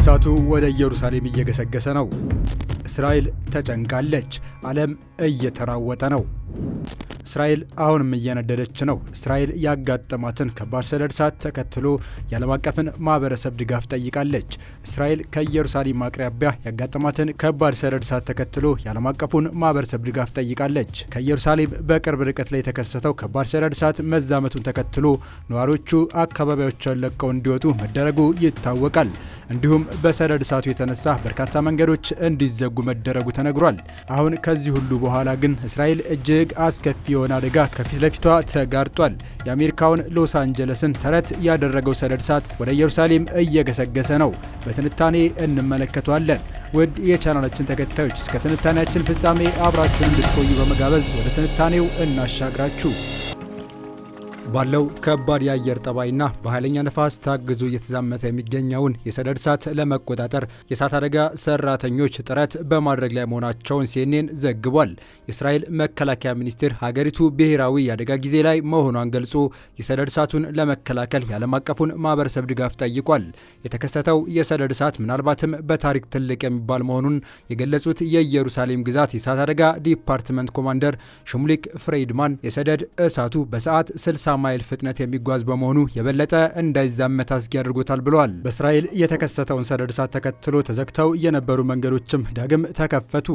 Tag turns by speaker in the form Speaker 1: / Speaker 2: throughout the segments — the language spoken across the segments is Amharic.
Speaker 1: እሳቱ ወደ ኢየሩሳሌም እየገሰገሰ ነው። እስራኤል ተጨንቃለች። ዓለም እየተራወጠ ነው። እስራኤል አሁንም እየነደደች ነው። እስራኤል ያጋጠማትን ከባድ ሰደድ ተከትሎ የዓለም አቀፍን ማህበረሰብ ድጋፍ ጠይቃለች። እስራኤል ከኢየሩሳሌም አቅራቢያ ያጋጠማትን ከባድ ሰደድ ሳት ተከትሎ የዓለም አቀፉን ማህበረሰብ ድጋፍ ጠይቃለች። ከኢየሩሳሌም በቅርብ ርቀት ላይ የተከሰተው ከባድ ሰደድ ሳት መዛመቱን ተከትሎ ነዋሪዎቹ አካባቢያቸውን ለቀው እንዲወጡ መደረጉ ይታወቃል። እንዲሁም በሰደድ እሳቱ የተነሳ በርካታ መንገዶች እንዲዘጉ መደረጉ ተነግሯል። አሁን ከዚህ ሁሉ በኋላ ግን እስራኤል እጅግ አስከፊ የሆነ አደጋ ከፊት ለፊቷ ተጋርጧል። የአሜሪካውን ሎስ አንጀለስን ተረት ያደረገው ሰደድ እሳት ወደ ኢየሩሳሌም እየገሰገሰ ነው። በትንታኔ እንመለከተዋለን። ውድ የቻናላችን ተከታዮች እስከ ትንታኔያችን ፍጻሜ አብራችሁን እንድትቆዩ በመጋበዝ ወደ ትንታኔው እናሻግራችሁ። ባለው ከባድ የአየር ጠባይና በኃይለኛ ነፋስ ታግዞ እየተዛመተ የሚገኘውን የሰደድ እሳት ለመቆጣጠር የእሳት አደጋ ሰራተኞች ጥረት በማድረግ ላይ መሆናቸውን ሲኤንኤን ዘግቧል። የእስራኤል መከላከያ ሚኒስቴር ሀገሪቱ ብሔራዊ የአደጋ ጊዜ ላይ መሆኗን ገልጾ የሰደድ እሳቱን ለመከላከል የዓለም አቀፉን ማህበረሰብ ድጋፍ ጠይቋል። የተከሰተው የሰደድ እሳት ምናልባትም በታሪክ ትልቅ የሚባል መሆኑን የገለጹት የኢየሩሳሌም ግዛት የእሳት አደጋ ዲፓርትመንት ኮማንደር ሽሙሊክ ፍሬድማን የሰደድ እሳቱ በሰዓት 60 ማይል ፍጥነት የሚጓዝ በመሆኑ የበለጠ እንዳይዛመት አስጊ ያድርጎታል ብለዋል። በእስራኤል የተከሰተውን ሰደድ እሳት ተከትሎ ተዘግተው የነበሩ መንገዶችም ዳግም ተከፈቱ።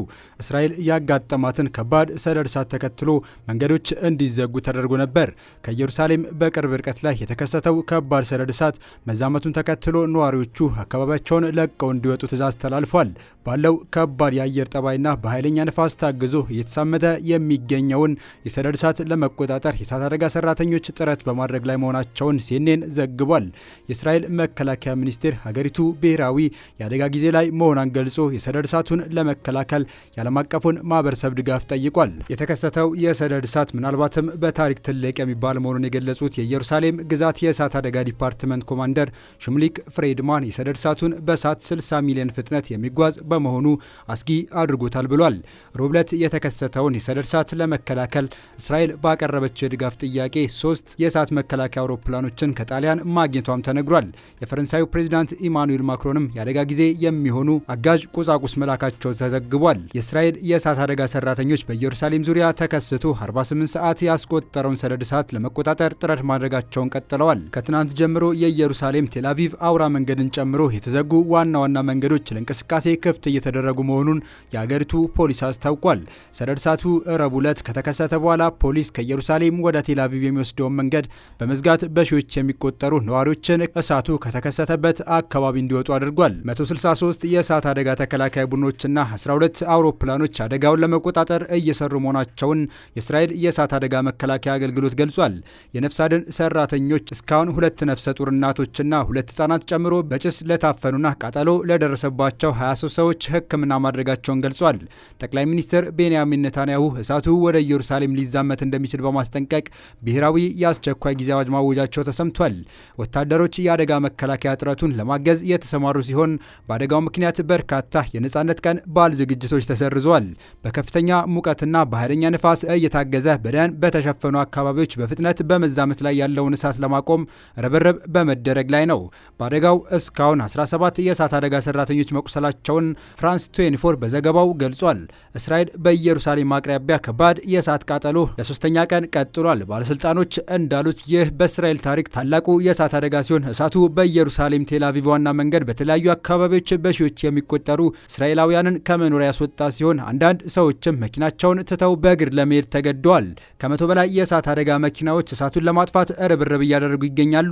Speaker 1: እስራኤል ያጋጠማትን ከባድ ሰደድ እሳት ተከትሎ መንገዶች እንዲዘጉ ተደርጎ ነበር። ከኢየሩሳሌም በቅርብ ርቀት ላይ የተከሰተው ከባድ ሰደድ እሳት መዛመቱን ተከትሎ ነዋሪዎቹ አካባቢያቸውን ለቀው እንዲወጡ ትእዛዝ ተላልፏል። ባለው ከባድ የአየር ጠባይና በኃይለኛ ንፋስ ታግዞ እየተሳመተ የሚገኘውን የሰደድ እሳት ለመቆጣጠር የእሳት አደጋ ሰራተኞች ጥረት በማድረግ ላይ መሆናቸውን ሲኔን ዘግቧል። የእስራኤል መከላከያ ሚኒስቴር ሀገሪቱ ብሔራዊ የአደጋ ጊዜ ላይ መሆኗን ገልጾ የሰደድ እሳቱን ለመከላከል የዓለም አቀፉን ማህበረሰብ ድጋፍ ጠይቋል። የተከሰተው የሰደድ እሳት ምናልባትም በታሪክ ትልቅ የሚባል መሆኑን የገለጹት የኢየሩሳሌም ግዛት የእሳት አደጋ ዲፓርትመንት ኮማንደር ሽምሊክ ፍሬድማን የሰደድ እሳቱን በእሳት 60 ሚሊዮን ፍጥነት የሚጓዝ በመሆኑ አስጊ አድርጎታል ብሏል። ሮብለት የተከሰተውን የሰደድ እሳት ለመከላከል እስራኤል ባቀረበችው የድጋፍ ጥያቄ ሶስት ስድስት የእሳት መከላከያ አውሮፕላኖችን ከጣሊያን ማግኘቷም ተነግሯል። የፈረንሳዩ ፕሬዚዳንት ኢማኑኤል ማክሮንም የአደጋ ጊዜ የሚሆኑ አጋዥ ቁሳቁስ መላካቸው ተዘግቧል። የእስራኤል የእሳት አደጋ ሰራተኞች በኢየሩሳሌም ዙሪያ ተከስቶ 48 ሰዓት ያስቆጠረውን ሰደድ እሳት ለመቆጣጠር ጥረት ማድረጋቸውን ቀጥለዋል። ከትናንት ጀምሮ የኢየሩሳሌም ቴላቪቭ አውራ መንገድን ጨምሮ የተዘጉ ዋና ዋና መንገዶች ለእንቅስቃሴ ክፍት እየተደረጉ መሆኑን የአገሪቱ ፖሊስ አስታውቋል። ሰደድ እሳቱ ረቡዕ ዕለት ከተከሰተ በኋላ ፖሊስ ከኢየሩሳሌም ወደ ቴልአቪቭ የሚወስደውን መንገድ በመዝጋት በሺዎች የሚቆጠሩ ነዋሪዎችን እሳቱ ከተከሰተበት አካባቢ እንዲወጡ አድርጓል። 163 የእሳት አደጋ ተከላካይ ቡድኖችና 12 አውሮፕላኖች አደጋውን ለመቆጣጠር እየሰሩ መሆናቸውን የእስራኤል የእሳት አደጋ መከላከያ አገልግሎት ገልጿል። የነፍስ አድን ሰራተኞች እስካሁን ሁለት ነፍሰ ጡር እናቶችና ሁለት ህጻናት ጨምሮ በጭስ ለታፈኑና ቃጠሎ ለደረሰባቸው 23 ሰዎች ሕክምና ማድረጋቸውን ገልጿል። ጠቅላይ ሚኒስትር ቤንያሚን ኔታንያሁ እሳቱ ወደ ኢየሩሳሌም ሊዛመት እንደሚችል በማስጠንቀቅ ብሔራዊ የአስቸኳይ ጊዜ አዋጅ ማወጃቸው ተሰምቷል። ወታደሮች የአደጋ መከላከያ ጥረቱን ለማገዝ የተሰማሩ ሲሆን በአደጋው ምክንያት በርካታ የነፃነት ቀን በዓል ዝግጅቶች ተሰርዘዋል። በከፍተኛ ሙቀትና በኃይለኛ ንፋስ እየታገዘ በደን በተሸፈኑ አካባቢዎች በፍጥነት በመዛመት ላይ ያለውን እሳት ለማቆም ርብርብ በመደረግ ላይ ነው። በአደጋው እስካሁን 17 የእሳት አደጋ ሰራተኞች መቁሰላቸውን ፍራንስ 24 በዘገባው ገልጿል። እስራኤል በኢየሩሳሌም አቅራቢያ ከባድ የእሳት ቃጠሎ ለሶስተኛ ቀን ቀጥሏል። ባለስልጣኖች እንዳሉት ይህ በእስራኤል ታሪክ ታላቁ የእሳት አደጋ ሲሆን እሳቱ በኢየሩሳሌም ቴላቪቭ ዋና መንገድ በተለያዩ አካባቢዎች በሺዎች የሚቆጠሩ እስራኤላውያንን ከመኖሪያ ያስወጣ ሲሆን አንዳንድ ሰዎችም መኪናቸውን ትተው በእግር ለመሄድ ተገደዋል። ከመቶ በላይ የእሳት አደጋ መኪናዎች እሳቱን ለማጥፋት ርብርብ እያደረጉ ይገኛሉ።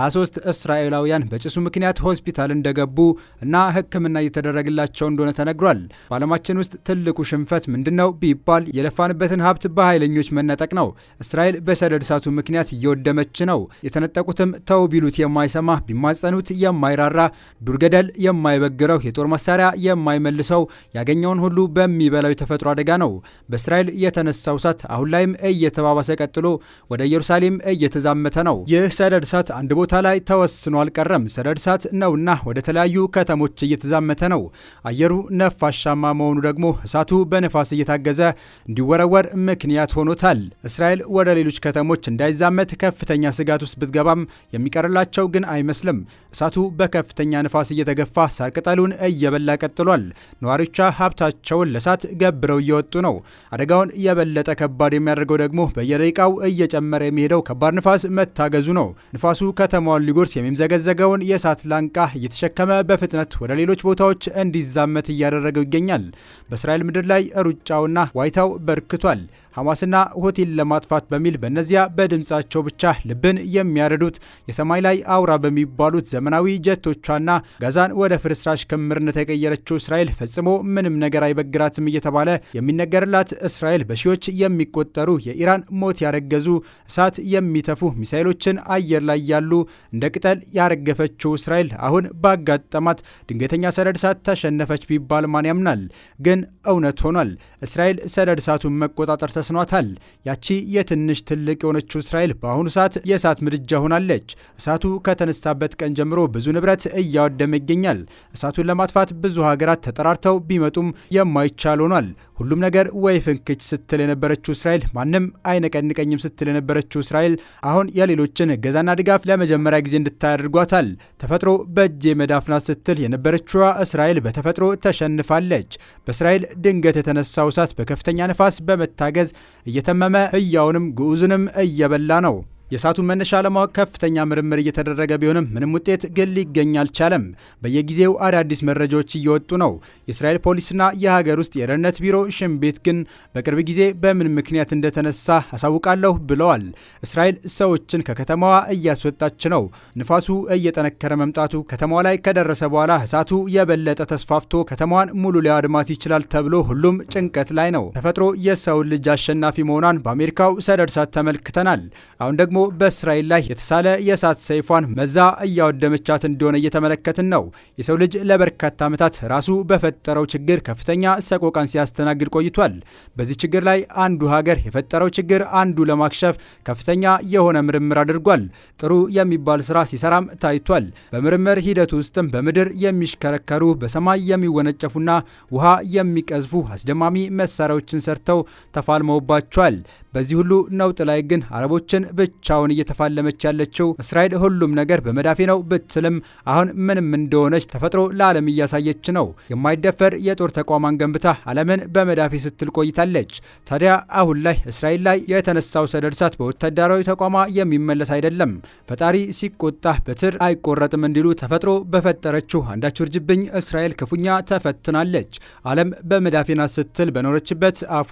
Speaker 1: 23 እስራኤላውያን በጭሱ ምክንያት ሆስፒታል እንደገቡ እና ሕክምና እየተደረገላቸው እንደሆነ ተነግሯል። በዓለማችን ውስጥ ትልቁ ሽንፈት ምንድን ነው ቢባል የለፋንበትን ሀብት በኃይለኞች መነጠቅ ነው። እስራኤል በሰደድ እሳቱ ምክንያት እየወደመች ነው። የተነጠቁትም ተው ቢሉት የማይሰማ ቢማጸኑት የማይራራ ዱር ገደል የማይበግረው የጦር መሳሪያ የማይመልሰው ያገኘውን ሁሉ በሚበላው የተፈጥሮ አደጋ ነው። በእስራኤል የተነሳው እሳት አሁን ላይም እየተባባሰ ቀጥሎ ወደ ኢየሩሳሌም እየተዛመተ ነው። ይህ ሰደድ እሳት አንድ ቦታ ላይ ተወስኖ አልቀረም። ሰደድ እሳት ነውና ወደ ተለያዩ ከተሞች እየተዛመተ ነው። አየሩ ነፋሻማ መሆኑ ደግሞ እሳቱ በነፋስ እየታገዘ እንዲወረወር ምክንያት ሆኖታል። እስራኤል ወደ ሌሎች ከተሞች እንደ እንዳይዛመት ከፍተኛ ስጋት ውስጥ ብትገባም የሚቀርላቸው ግን አይመስልም። እሳቱ በከፍተኛ ንፋስ እየተገፋ ሳር ቅጠሉን እየበላ ቀጥሏል። ነዋሪዎቿ ሀብታቸውን ለእሳት ገብረው እየወጡ ነው። አደጋውን የበለጠ ከባድ የሚያደርገው ደግሞ በየደቂቃው እየጨመረ የሚሄደው ከባድ ንፋስ መታገዙ ነው። ንፋሱ ከተማዋን ሊጎርስ የሚምዘገዘገውን የእሳት ላንቃ እየተሸከመ በፍጥነት ወደ ሌሎች ቦታዎች እንዲዛመት እያደረገው ይገኛል። በእስራኤል ምድር ላይ ሩጫውና ዋይታው በርክቷል። ሐማስና ሁቲን ለማጥፋት በሚል በእነዚያ በድምፃቸው ብቻ ልብን የሚያረዱት የሰማይ ላይ አውራ በሚባሉት ዘመናዊ ጀቶቿና ጋዛን ወደ ፍርስራሽ ክምርነት የቀየረችው እስራኤል ፈጽሞ ምንም ነገር አይበግራትም እየተባለ የሚነገርላት እስራኤል በሺዎች የሚቆጠሩ የኢራን ሞት ያረገዙ እሳት የሚተፉ ሚሳይሎችን አየር ላይ ያሉ እንደ ቅጠል ያረገፈችው እስራኤል አሁን ባጋጠማት ድንገተኛ ሰደድ እሳት ተሸነፈች ቢባል ማን ያምናል? ግን እውነት ሆኗል። እስራኤል ሰደድ እሳቱን መቆጣጠር ተስኗታል። ያቺ የትንሽ ትልቅ የሆነችው እስራኤል በአሁኑ ሰዓት የእሳት ምድጃ ሆናለች። እሳቱ ከተነሳበት ቀን ጀምሮ ብዙ ንብረት እያወደመ ይገኛል። እሳቱን ለማጥፋት ብዙ ሀገራት ተጠራርተው ቢመጡም የማይቻል ሆኗል። ሁሉም ነገር ወይ ፍንክች ስትል የነበረችው እስራኤል ማንም አይነቀንቀኝም ስትል የነበረችው እስራኤል አሁን የሌሎችን እገዛና ድጋፍ ለመጀመሪያ ጊዜ እንድታደርጓታል ተፈጥሮ በእጄ መዳፍናት ስትል የነበረችዋ እስራኤል በተፈጥሮ ተሸንፋለች። በእስራኤል ድንገት የተነሳው እሳት በከፍተኛ ነፋስ በመታገዝ እየተመመ ሕያውንም ግዑዝንም እየበላ ነው። የእሳቱን መነሻ ለማወቅ ከፍተኛ ምርምር እየተደረገ ቢሆንም ምንም ውጤት ግን ሊገኝ አልቻለም። በየጊዜው አዳዲስ መረጃዎች እየወጡ ነው። የእስራኤል ፖሊስና የሀገር ውስጥ የደህንነት ቢሮ ሽምቤት ግን በቅርብ ጊዜ በምን ምክንያት እንደተነሳ አሳውቃለሁ ብለዋል። እስራኤል ሰዎችን ከከተማዋ እያስወጣች ነው። ንፋሱ እየጠነከረ መምጣቱ ከተማዋ ላይ ከደረሰ በኋላ እሳቱ የበለጠ ተስፋፍቶ ከተማዋን ሙሉ ሊያድማት ይችላል ተብሎ ሁሉም ጭንቀት ላይ ነው። ተፈጥሮ የሰውን ልጅ አሸናፊ መሆኗን በአሜሪካው ሰደድ እሳት ተመልክተናል። አሁን ደግሞ በእስራኤል ላይ የተሳለ የእሳት ሰይፏን መዛ እያወደመቻት እንደሆነ እየተመለከትን ነው። የሰው ልጅ ለበርካታ ዓመታት ራሱ በፈጠረው ችግር ከፍተኛ ሰቆቃን ሲያስተናግድ ቆይቷል። በዚህ ችግር ላይ አንዱ ሀገር የፈጠረው ችግር አንዱ ለማክሸፍ ከፍተኛ የሆነ ምርምር አድርጓል። ጥሩ የሚባል ስራ ሲሰራም ታይቷል። በምርምር ሂደት ውስጥም በምድር የሚሽከረከሩ በሰማይ የሚወነጨፉና ውሃ የሚቀዝፉ አስደማሚ መሳሪያዎችን ሰርተው ተፋልመውባቸዋል። በዚህ ሁሉ ነውጥ ላይ ግን አረቦችን ብቻውን እየተፋለመች ያለችው እስራኤል ሁሉም ነገር በመዳፌ ነው ብትልም አሁን ምንም እንደሆነች ተፈጥሮ ለዓለም እያሳየች ነው። የማይደፈር የጦር ተቋሟን ገንብታ ዓለምን በመዳፌ ስትል ቆይታለች። ታዲያ አሁን ላይ እስራኤል ላይ የተነሳው ሰደድ እሳት በወታደራዊ ተቋሟ የሚመለስ አይደለም። ፈጣሪ ሲቆጣ በትር አይቆረጥም እንዲሉ ተፈጥሮ በፈጠረችው አንዳች ውርጅብኝ እስራኤል ክፉኛ ተፈትናለች። ዓለም በመዳፌ ናት ስትል በኖረችበት አፏ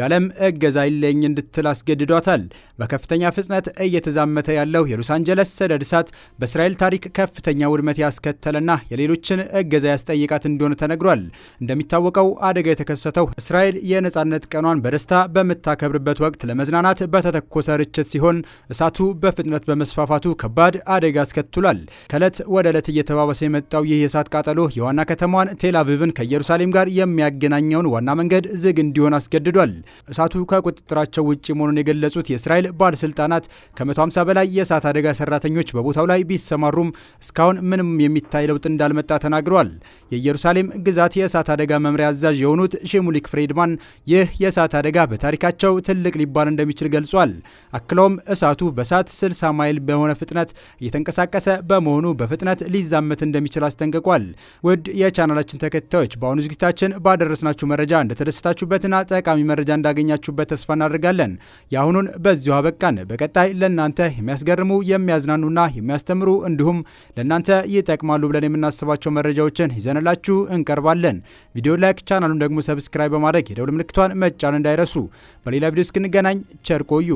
Speaker 1: የዓለም እገዛ ይለኝ እንድትል አስገድዷታል። በከፍተኛ ፍጥነት እየተዛመተ ያለው የሎስ አንጀለስ ሰደድ እሳት በእስራኤል ታሪክ ከፍተኛ ውድመት ያስከተለና የሌሎችን እገዛ ያስጠይቃት እንደሆነ ተነግሯል። እንደሚታወቀው አደጋ የተከሰተው እስራኤል የነፃነት ቀኗን በደስታ በምታከብርበት ወቅት ለመዝናናት በተተኮሰ ርችት ሲሆን እሳቱ በፍጥነት በመስፋፋቱ ከባድ አደጋ አስከትሏል። ከእለት ወደ ዕለት እየተባባሰ የመጣው ይህ የእሳት ቃጠሎ የዋና ከተማዋን ቴል አቪቭን ከኢየሩሳሌም ጋር የሚያገናኘውን ዋና መንገድ ዝግ እንዲሆን አስገድዷል። እሳቱ ከቁጥጥራቸው ውጪ መሆኑን የገለጹት የእስራኤል ባለስልጣናት ከ150 በላይ የእሳት አደጋ ሰራተኞች በቦታው ላይ ቢሰማሩም እስካሁን ምንም የሚታይ ለውጥ እንዳልመጣ ተናግረዋል። የኢየሩሳሌም ግዛት የእሳት አደጋ መምሪያ አዛዥ የሆኑት ሼሙሊክ ፍሬድማን ይህ የእሳት አደጋ በታሪካቸው ትልቅ ሊባል እንደሚችል ገልጿል። አክለውም እሳቱ በሰዓት 60 ማይል በሆነ ፍጥነት እየተንቀሳቀሰ በመሆኑ በፍጥነት ሊዛመት እንደሚችል አስጠንቅቋል። ውድ የቻናላችን ተከታዮች በአሁኑ ዝግጅታችን ባደረስናችሁ መረጃ እንደተደሰታችሁበትና ጠቃሚ መረጃ እንዳገኛችሁበት ተስፋ እናደርጋለን። እናቀርባለን። የአሁኑን በዚሁ አበቃን። በቀጣይ ለእናንተ የሚያስገርሙ የሚያዝናኑና የሚያስተምሩ እንዲሁም ለእናንተ ይጠቅማሉ ብለን የምናስባቸው መረጃዎችን ይዘንላችሁ እንቀርባለን። ቪዲዮ ላይክ፣ ቻናሉን ደግሞ ሰብስክራይብ በማድረግ የደውል ምልክቷን መጫን እንዳይረሱ። በሌላ ቪዲዮ እስክንገናኝ ቸር ቆዩ።